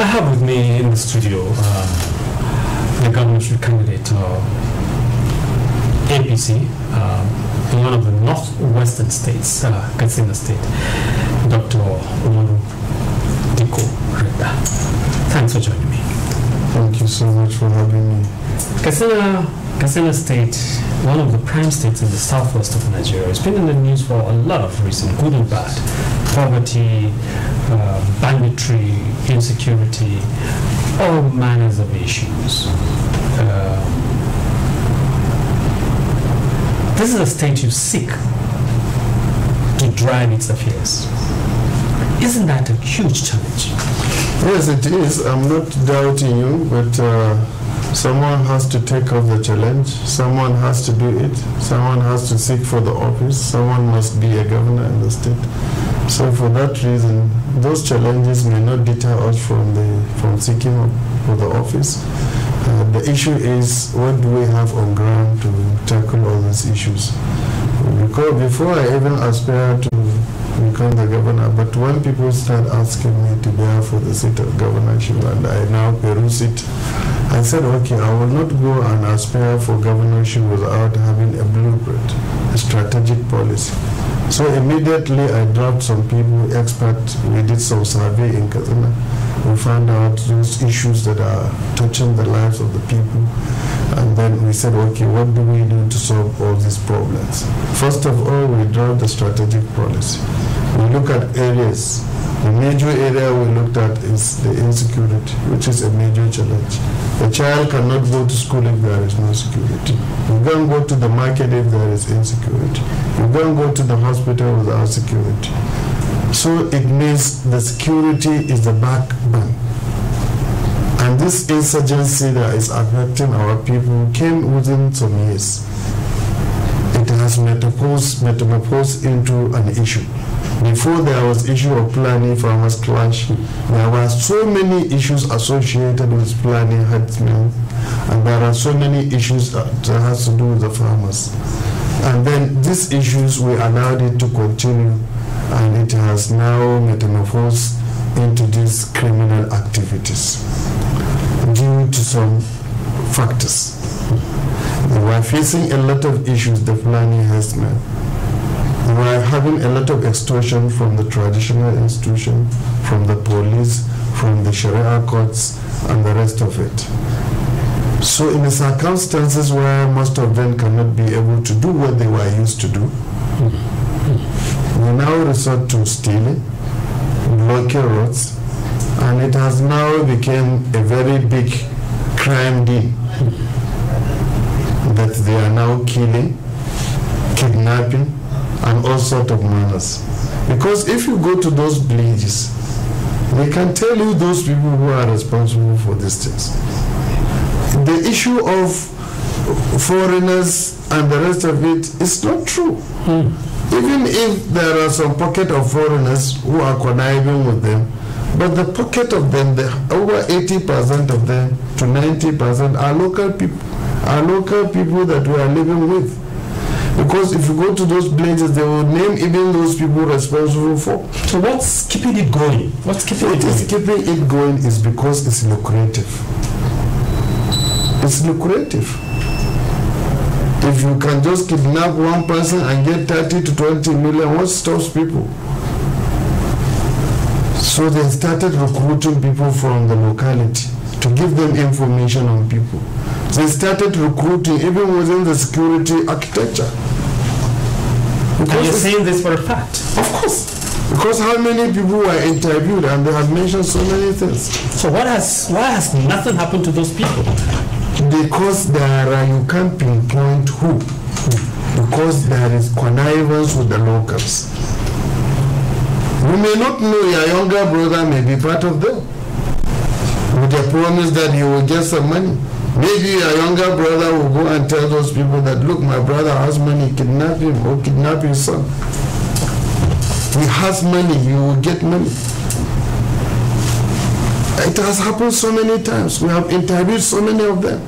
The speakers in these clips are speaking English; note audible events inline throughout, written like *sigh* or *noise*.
I have with me in the studio uh, the gubernatorial candidate of uh, APC uh, in one of the northwestern states, uh, Katsina State, Dr. Umaru Diko Reda. Thanks for joining me. Thank you so much for having me. Katsina Katsina State, one of the prime states in the southwest of Nigeria, has been in the news for a lot of reasons, good and bad. Poverty, uh, banditry, insecurity, all manners of issues. Uh, this is a state you seek to drive its affairs. Isn't that a huge challenge? Yes, it is. I'm not doubting you, but. Uh Someone has to take up the challenge, someone has to do it, someone has to seek for the office, someone must be a governor in the state. So for that reason, those challenges may not deter us from, the, from seeking for the office. Uh, the issue is what do we have on ground to tackle all these issues? Because before I even aspired to become the governor, but when people start asking me to bear for the seat of governorship and I now peruse it, I said, okay, I will not go and aspire for governorship without having a blueprint, a strategic policy. So immediately I dropped some people, experts, we did some survey in Kazana. We found out those issues that are touching the lives of the people. And then we said, okay, what do we do to solve all these problems? First of all, we draw the strategic policy. We look at areas the major area we looked at is the insecurity, which is a major challenge. A child cannot go to school if there is no security. You can't go to the market if there is insecurity. You can't go to the hospital without security. So it means the security is the backbone. And this insurgency that is affecting our people came within some years. It has metamorphosed, metamorphosed into an issue. Before there was issue of planning, farmers clash. There were so many issues associated with planning herdsmen, and there are so many issues that has to do with the farmers. And then these issues, we allowed it to continue, and it has now metamorphosed into these criminal activities due to some factors. We are facing a lot of issues, the planning herdsmen we're having a lot of extortion from the traditional institution, from the police, from the Sharia courts, and the rest of it. So in the circumstances where most of them cannot be able to do what they were used to do, we now resort to stealing, blocking roads, and it has now become a very big crime deal that they are now killing, kidnapping, and all sort of manners. Because if you go to those villages, they can tell you those people who are responsible for these things. The issue of foreigners and the rest of it is not true. Hmm. Even if there are some pocket of foreigners who are conniving with them, but the pocket of them, the, over 80% of them to 90% are local people, are local people that we are living with. Because if you go to those places, they will name even those people responsible for. So what's keeping it going? What's keeping it, it going? keeping it going is because it's lucrative. It's lucrative. If you can just kidnap one person and get 30 to 20 million, what stops people? So they started recruiting people from the locality to give them information on people they started recruiting even within the security architecture. Because Are you saying this for a fact? Of course. Because how many people were interviewed and they have mentioned so many things. So what has why has nothing happened to those people? Because there are you can't pinpoint who. Because there is connivance with the locals. You may not know your younger brother may be part of them. With a promise that you will get some money. Maybe a younger brother will go and tell those people that, look, my brother has money, kidnap him or kidnap his son. He has money, he will get money. It has happened so many times. We have interviewed so many of them.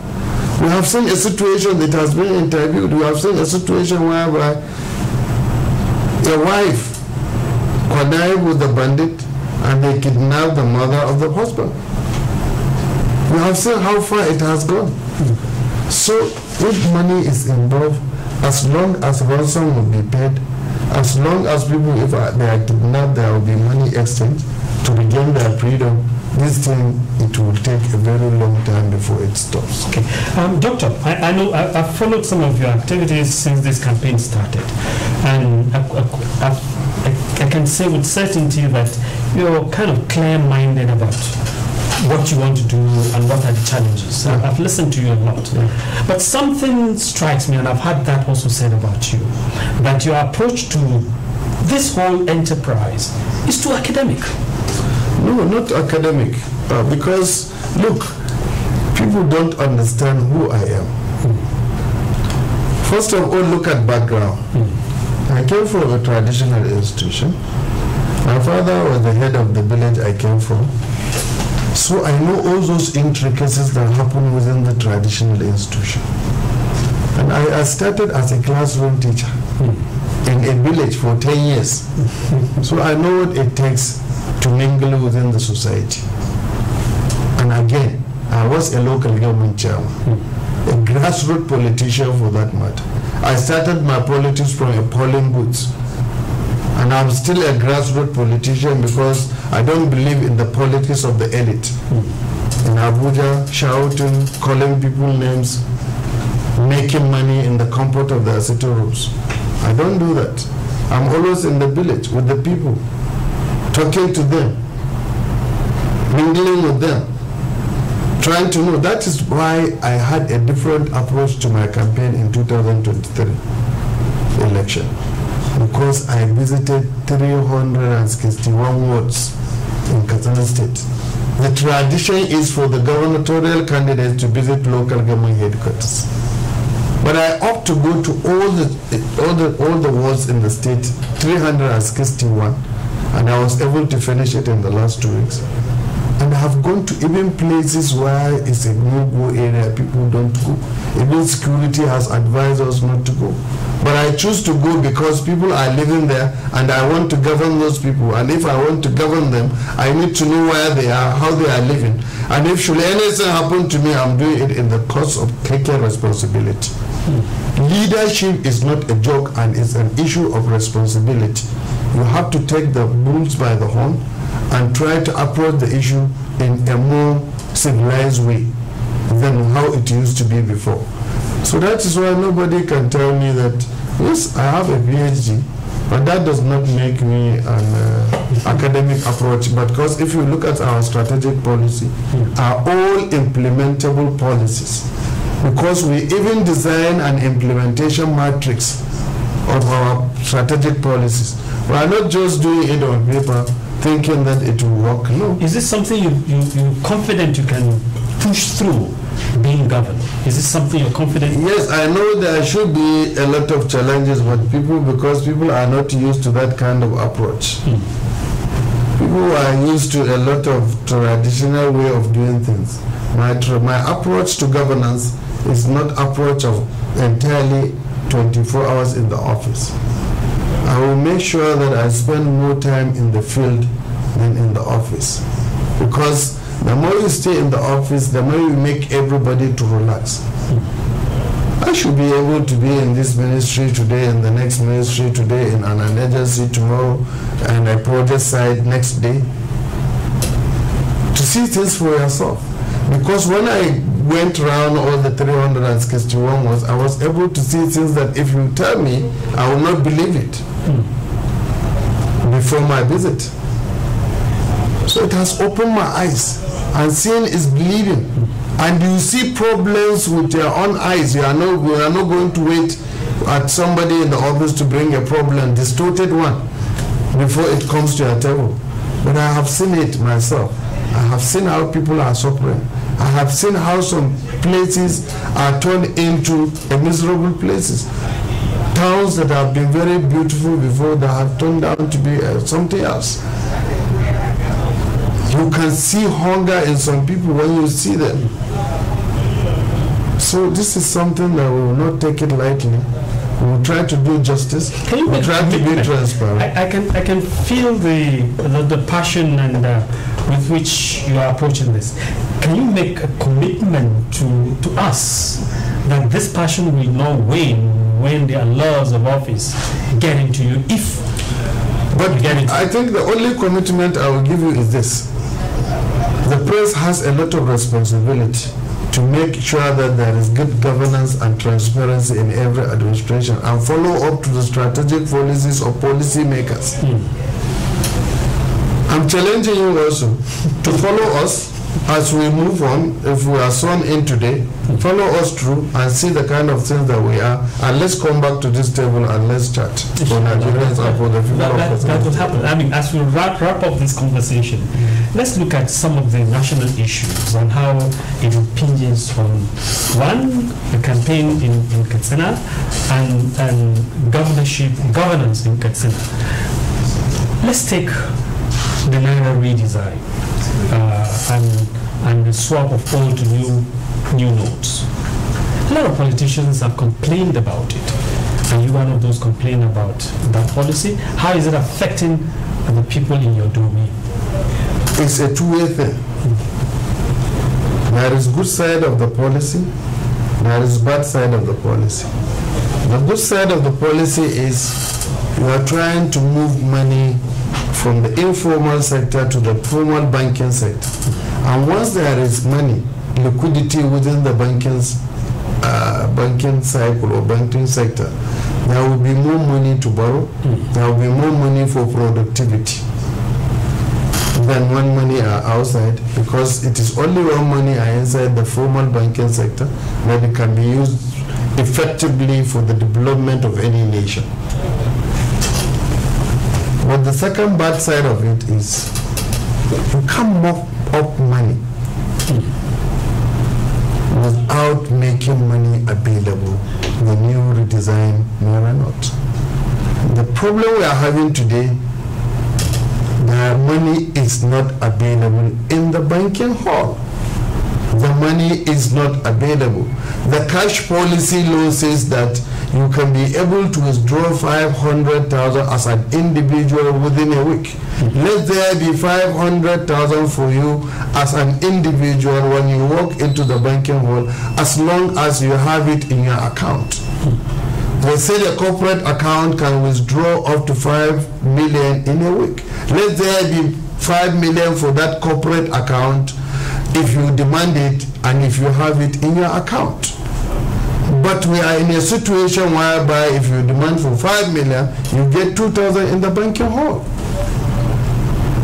We have seen a situation that has been interviewed. We have seen a situation whereby a wife connived with the bandit and they kidnapped the mother of the husband. We have seen how far it has gone. So if money is involved, as long as ransom will be paid, as long as people, if they are kidnapped, there will be money exchange to regain their freedom. This thing, it will take a very long time before it stops. Okay. Um, Doctor, I, I know I, have followed some of your activities since this campaign started. And I, I, I can say with certainty that you're kind of clear minded about what you want to do and what are the challenges. Yeah. I've listened to you a lot. Yeah. But something strikes me, and I've had that also said about you, that your approach to this whole enterprise is too academic. No, not academic. Uh, because, look, people don't understand who I am. First of all, look at background. Mm. I came from a traditional institution. My father was the head of the village I came from. So I know all those intricacies that happen within the traditional institution. And I, I started as a classroom teacher in a village for 10 years. *laughs* so I know what it takes to mingle within the society. And again, I was a local government chairman, a grassroots politician for that matter. I started my politics from a polling booth and I'm still a grassroots politician because I don't believe in the politics of the elite. In Abuja, shouting, calling people names, making money in the comfort of the Asito rooms. I don't do that. I'm always in the village with the people, talking to them, mingling with them, trying to know. That is why I had a different approach to my campaign in 2023 election because I visited 361 wards in Katsina State. The tradition is for the gubernatorial candidates to visit local government headquarters. But I opt to go to all the all the all the wards in the state, 361, and I was able to finish it in the last two weeks. And I've gone to even places where it's a no-go area, people don't go. Even security has advised us not to go. But I choose to go because people are living there and I want to govern those people. And if I want to govern them, I need to know where they are, how they are living. And if should anything happen to me, I'm doing it in the course of taking responsibility. Hmm. Leadership is not a joke and it's an issue of responsibility. You have to take the bulls by the horn and try to approach the issue in a more civilized way than how it used to be before. So that is why nobody can tell me that, yes, I have a PhD, but that does not make me an uh, academic approach. But because if you look at our strategic policy, hmm. are all implementable policies. Because we even design an implementation matrix of our strategic policies. We are not just doing it on paper, thinking that it will work No. Is this something you, you, you're confident you can push through being governed? Is this something you're confident? Yes, I know there should be a lot of challenges with people because people are not used to that kind of approach. Hmm. People are used to a lot of traditional way of doing things. My, my approach to governance is not approach of entirely 24 hours in the office. I will make sure that I spend more time in the field than in the office. Because the more you stay in the office, the more you make everybody to relax. I should be able to be in this ministry today, in the next ministry today, in an agency tomorrow, and a project site next day. To see things for yourself. Because when I went around all the 361 was, I was able to see things that if you tell me, I will not believe it before my visit. So it has opened my eyes, and seeing is believing. And you see problems with your own eyes. You are not, you are not going to wait at somebody in the office to bring a problem, distorted one, before it comes to your table. But I have seen it myself. I have seen how people are suffering. I have seen how some places are turned into miserable places towns that have been very beautiful before that have turned out to be uh, something else. You can see hunger in some people when you see them. So this is something that we will not take it lightly. We will try to do justice. Can you we will try to be transparent. I, I, can I can feel the the, the passion and uh, with which you are approaching this. Can you make a commitment to to us that this passion will not wane when there are laws of office getting to you if but get I think the only commitment I will give you is this. The press has a lot of responsibility to make sure that there is good governance and transparency in every administration and follow up to the strategic policies of policymakers. Mm. I'm challenging you also to follow us as we move on, if we are sworn in today, follow us through and see the kind of things that we are, and let's come back to this table and let's chat for Nigerians and for the future that, that, That would happen. I mean, as we wrap, wrap up this conversation, mm. let's look at some of the national issues and how it impinges on one, the campaign in, in Katsina and, and governorship, governance in Katsina. Let's take the Naira redesign. Uh, and, and the swap of old to new, new notes. A lot of politicians have complained about it. Are you one of those complaining about that policy? How is it affecting the people in your domain? It's a two-way thing. There is good side of the policy, there is bad side of the policy. The good side of the policy is you are trying to move money from the informal sector to the formal banking sector. And once there is money, liquidity within the banking, uh, banking cycle or banking sector, there will be more money to borrow, hmm. there will be more money for productivity than when money are outside because it is only when money are inside the formal banking sector that it can be used effectively for the development of any nation. But the second bad side of it is you can't mop up money without making money available. The new redesign mirror not. The problem we are having today, the money is not available in the banking hall. The money is not available. The cash policy law says that you can be able to withdraw 500,000 as an individual within a week. Mm-hmm. Let there be 500,000 for you as an individual when you walk into the banking hall as long as you have it in your account. Mm-hmm. They say the corporate account can withdraw up to 5 million in a week. Let there be 5 million for that corporate account if you demand it and if you have it in your account but we are in a situation whereby if you demand for 5 million, you get 2,000 in the banking hall.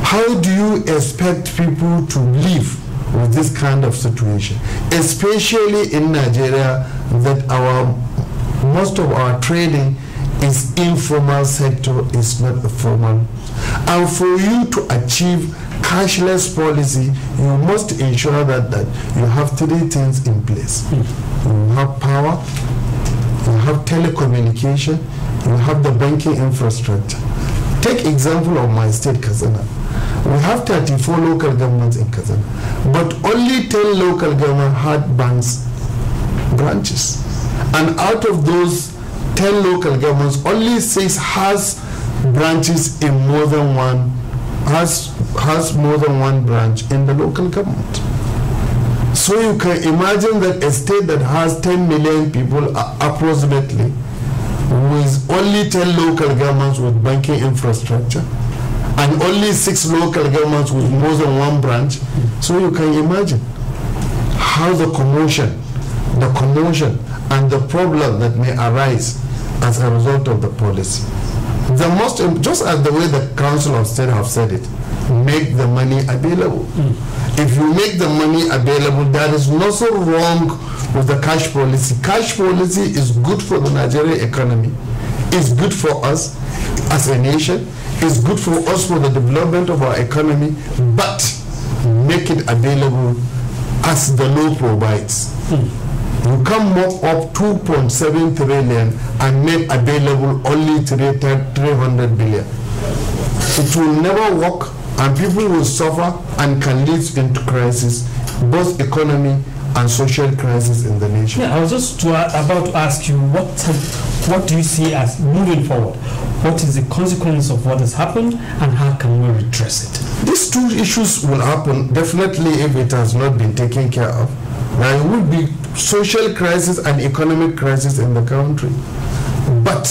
How do you expect people to live with this kind of situation? Especially in Nigeria, that our most of our trading is informal sector, is not formal. And for you to achieve cashless policy, you must ensure that, that you have three things in place. Mm we have power, we have telecommunication, we have the banking infrastructure. Take example of my state, Kazana. We have 34 local governments in Kazana, but only 10 local government had banks branches. And out of those 10 local governments, only six has branches in more than one, has, has more than one branch in the local government. So you can imagine that a state that has 10 million people uh, approximately with only 10 local governments with banking infrastructure and only six local governments with more than one branch. So you can imagine how the commotion, the commotion and the problem that may arise as a result of the policy. The most, just as the way the Council of State have said it, make the money available. Mm if you make the money available, there is nothing wrong with the cash policy. Cash policy is good for the Nigerian economy. It's good for us as a nation. It's good for us for the development of our economy, but make it available as the law provides. Hmm. You can mop up 2.7 trillion and make available only 300 billion. It will never work and people will suffer and can lead into crisis, both economy and social crisis in the nation. Yeah, I was just to, uh, about to ask you what uh, what do you see as moving forward? What is the consequence of what has happened, and how can we redress it? These two issues will happen definitely if it has not been taken care of. Now it will be social crisis and economic crisis in the country, but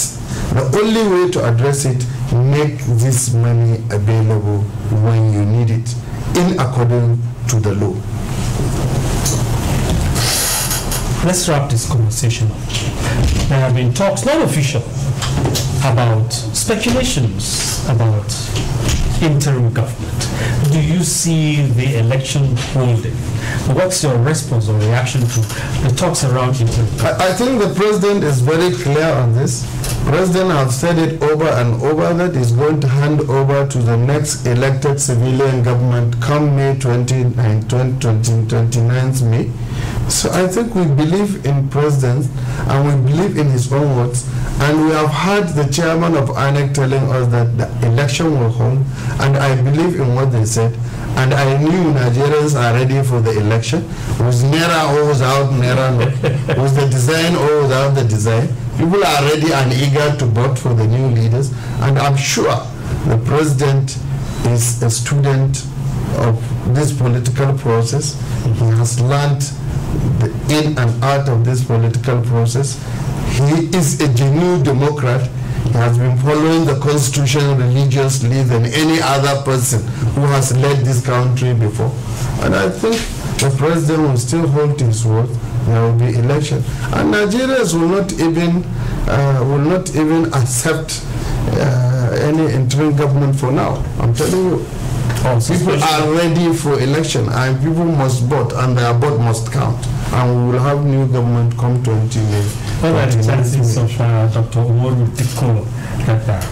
the only way to address it make this money available when you need it in accordance to the law. Let's wrap this conversation up. There have been talks, not official, about speculations about interim government. Do you see the election holding? What's your response or reaction to the talks around interim government? I, I think the president is very clear on this President have said it over and over that he's going to hand over to the next elected civilian government come May 29, 29th May. So I think we believe in President and we believe in his own words. And we have heard the chairman of INEC telling us that the election will hold. And I believe in what they said. And I knew Nigerians are ready for the election. With Nera or without Nera, no. *laughs* with the design or without the design, people are ready and eager to vote for the new leaders. And I'm sure the president is a student of this political process. He has learned the in and out of this political process. He is a genuine democrat has been following the constitution religiously than any other person who has led this country before. And I think the president will still hold his word. There will be election. And Nigerians will not even, uh, will not even accept uh, any interim government for now. I'm telling you. Oh, people are ready for election and people must vote and their vote must count. And we will have new government come 20 what are the chances of uh, Dr. Umoru like that?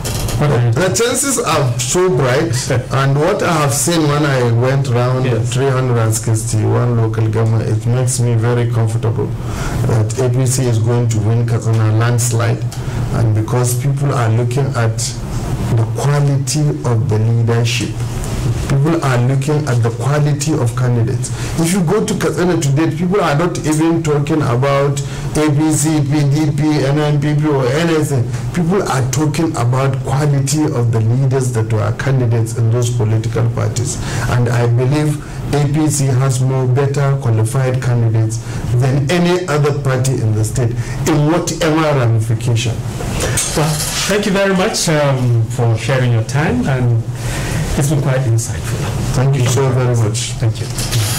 The chances are so bright, *laughs* and what I have seen when I went around yes. 361 local government, it makes me very comfortable that APC is going to win a landslide, and because people are looking at the quality of the leadership people are looking at the quality of candidates. If you go to Katsina today, people are not even talking about APC, PDP, NNPP or anything. People are talking about quality of the leaders that were candidates in those political parties. And I believe APC has more better qualified candidates than any other party in the state in whatever ramification. Well, thank you very much um, for sharing your time and it's been quite insightful. Thank you so very much. Thank you.